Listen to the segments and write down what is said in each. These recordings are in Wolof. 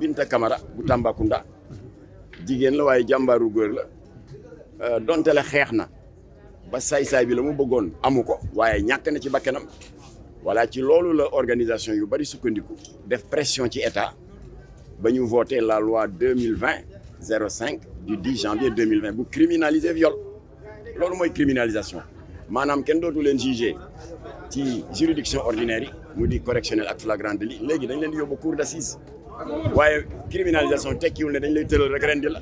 Binta Camara bu Tambacounda jigéen la waaye jàmbaaru góor la euh, dontele la xeex na ba saay-saay bi la mu bëggoon amu ko waaye ñàkk na ci bakkanam voilà ci loolu la organisation yu bari sukkandiku def pression ci état ba ñu voté la loi deux mille vingt zéro cinq du 10 janvier 2020 bu criminaliser viol loolu mooy criminalisation maanaam kenn dootu leen jugé ci juridiction ordinaire yi mu di correctionnel ak flagrant délit léegi dañ leen di yóbbu cour d'assises waaye criminalisation tekkiwul ne dañu lay tëral rek ren di la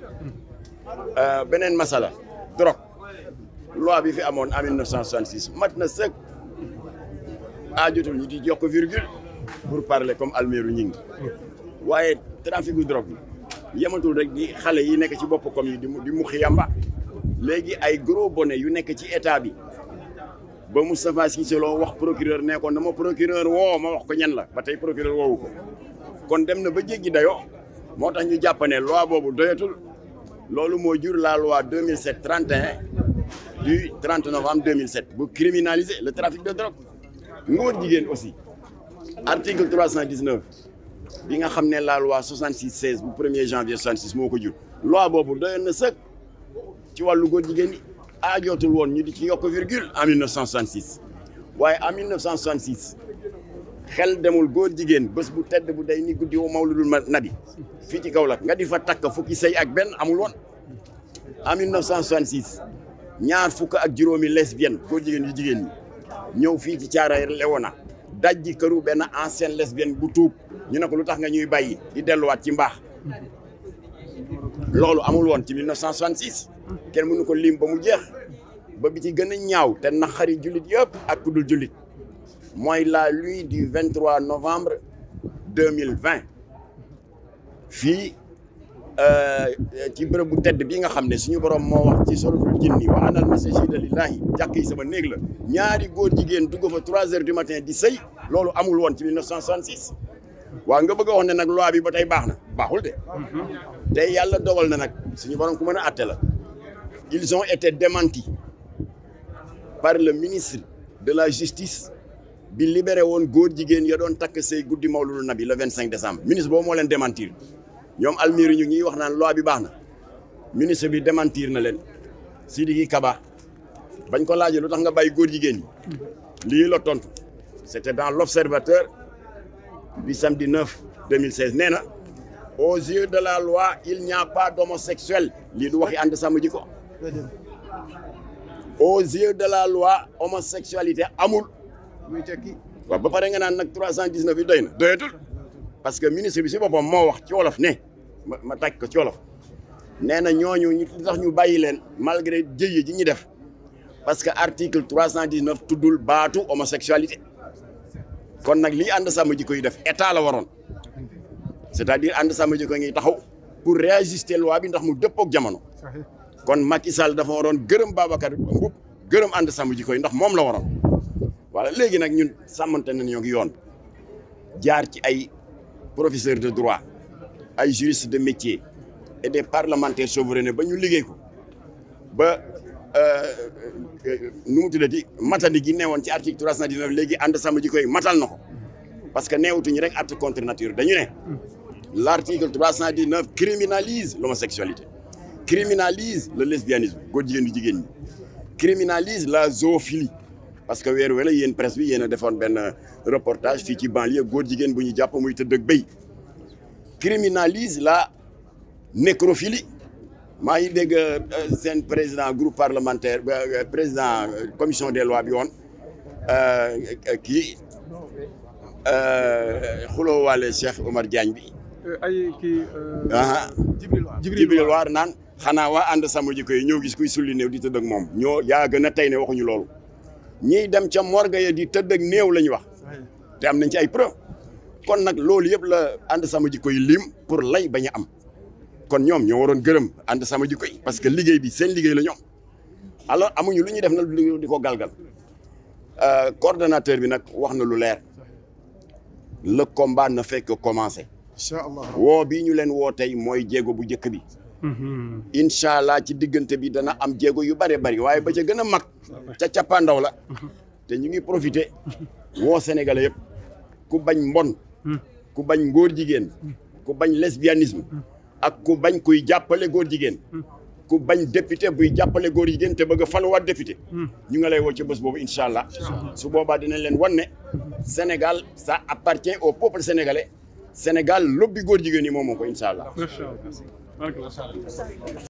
euh, beneen masala drogue loi bi fi amoon en 1966 mat na sëkk aajotul ñu di jox ko virgule pour parler comme almeeru ñing waaye trafic bu drogue bi yematul rek di xale yi nekk ci bopp comme yi di di muxi yamba léegi ay gros bone yu nekk ci état bi ba Moustapha Cissé Lo wax procureur ne ko na ma procureur woo ma wax ko ñan la ba tey procureur woowu kon dem na ba jéggi dayoo moo tax ñu jàpp ne loi boobu doyatul loolu moo jur la loi 2007 31 du 30 novembre 2007 bu criminaliser le trafic de drogue ngóor jigéen aussi article 319 bi nga xam ne la loi 66 16 bu 1er janvier 66 moo ko jur loi boobu doyoon na sëkk ci wàllu góor jigéen a aajootul woon ñu di ci yokk virgule en 1966 waaye en 1966 xel demul góor jigéen bés bu tedd bu day ni guddi woo mawludul nabi fii ci Kaolack nga di fa takk fukk sëy ak benn amul woon en 1966 ñaar fukk ak juróomi lesbienne góor jigéen yu jigéen ñëw fii ci Thiaroye Léona dajji këru benn ancienne lesbienne bu tuub ñu ne ko lu tax nga ñuy bàyyi di delluwaat ci mbaax loolu amul woon ci 1966 kenn mënu ko lim ba mu jeex ba bi ci gën a ñaaw te xari jullit yëpp ak ku dul jullit mooy la nuit du 23 novembre 2020 fii euh, ci bërëb bu tedd bi nga xam ne suñu borom moo wax ci suratul jinni wa anal a lillahi jàkk yi sama néeg la ñaari góor jigéen dugg fa trois heures du matin di sëy loolu amul woon ci 1966 waaw nga bëgg a ne nag loi bi ba tey baax na baaxul de mm-hmm. tey yàlla dogal na nag suñu borom ku mën a àtte la ils ont été démentis par le ministre de la justice bi libéré woon góor jigéen ya doon takk sëy guddi mawlulu nabi le vingt cinq décembre ministre boobu moo leen démentir ñoom almiri ñu ngi wax naan loi bi baax na ministre bi démentir na leen si Sidiki Kaba bañ ko laajee lu tax nga bay góor jigéen ñi lii la tontu c'était dans l'observateur du samedi 9 2016 nee na aux yeux de la loi il n'y a pas d'homosexuel lii du waxi ànd sàmm ji ko aux yeux de la loi homosexualité amul waaw ba pare nga naan nag trois cent dix neuf yi doy na doyatul parce que ministre bi si boppam moo wax ci wolof ne ma ma tàkk ko ci wolof nee na ñooñu li tax ñu bàyyi leen malgré jëye ji ñu def parce que article trois cent dix neuf tuddul baatu homosexualité kon nag lii ànd sàmm jikko yi def état la waroon c'est-à-dire ànd sàmm jikko ngi taxaw pour réajuster loi bi ndax mu dëppook jamono kon Macky Sall dafa waroon gërëm Babacar Mboup gërëm ànd sàmm jikko yi ndax moom la waroon. voilà léegi nag ñun sàmmante nañoo ngi yoon jaar ci ay professeurs de droit ay juristes de métier et des parlementaires souverains ba ñu liggéey ko ba euh, euh, nu mu tuddati matandi gi newoon ci article trois cent dix-neuf léegi ànd sàmm ji koy matal na ko parce que neewutuñu rek acte contre nature dañu ne l'article trois cent dix-neuf criminalise l'homosexualité criminalise le lesbianisme góor jigéen du jigéen ñi criminalise la zoophilie parce que weer wala yéen presse bi yéen a defoon benn reportage fii ci banlieue góor jigéen bu ñu jàpp muy tëdd ak béy criminalise la nécrophilie maa ngi dégg euh, seen président groupe parlementaire euh, euh, président commission des lois bi woon kii xuloo waale Cheikh Omar Diagne bi. ay kii. Ah, Jibril Waar naan xanaa waa ànd sama jikko yi ñoo gis kuy sulli néew di tëdd ak moom ñoo yaa gën a tey ne waxuñu loolu. ñiy dem ca morgue ya di tëdd ak néew la ñu wax te am nañ ci ay preuve kon nag loolu yëpp la ànd sama jikko yi lim pour lay bañ a am kon ñoom ñoo waroon gërëm ànd sama jikko yi parce que liggéey bi seen liggéey la ñoom alors amuñu lu ñuy def na lu di ko galgal euh, coordonnateur bi nag wax na lu leer le combat na fekk commencé. incha allah woo bii ñu leen woo tey mooy jéego bu njëkk bi. Mm-hmm. incha allah ci diggante bi dana am jéego yu bare bari waaye ba ca gën a mag ca cappaandaw la mm-hmm. te ñu ngi profité mm-hmm. woo Sénégalais yëpp ku bañ mbon ku bañ ngóor jigéen ku bañ lesbianisme ak ku bañ kuy jàppale góor jigéen ku bañ député buy jàppale góor jigéen te bëgg a faluwaat député ñu nga lay woo ci bés boobu incha allah su boobaa dinañ leen wan senegal sa ça appartient au peuple sénégalais Sénégal lobbi góor jigéen yi moom moo ko allah macha allah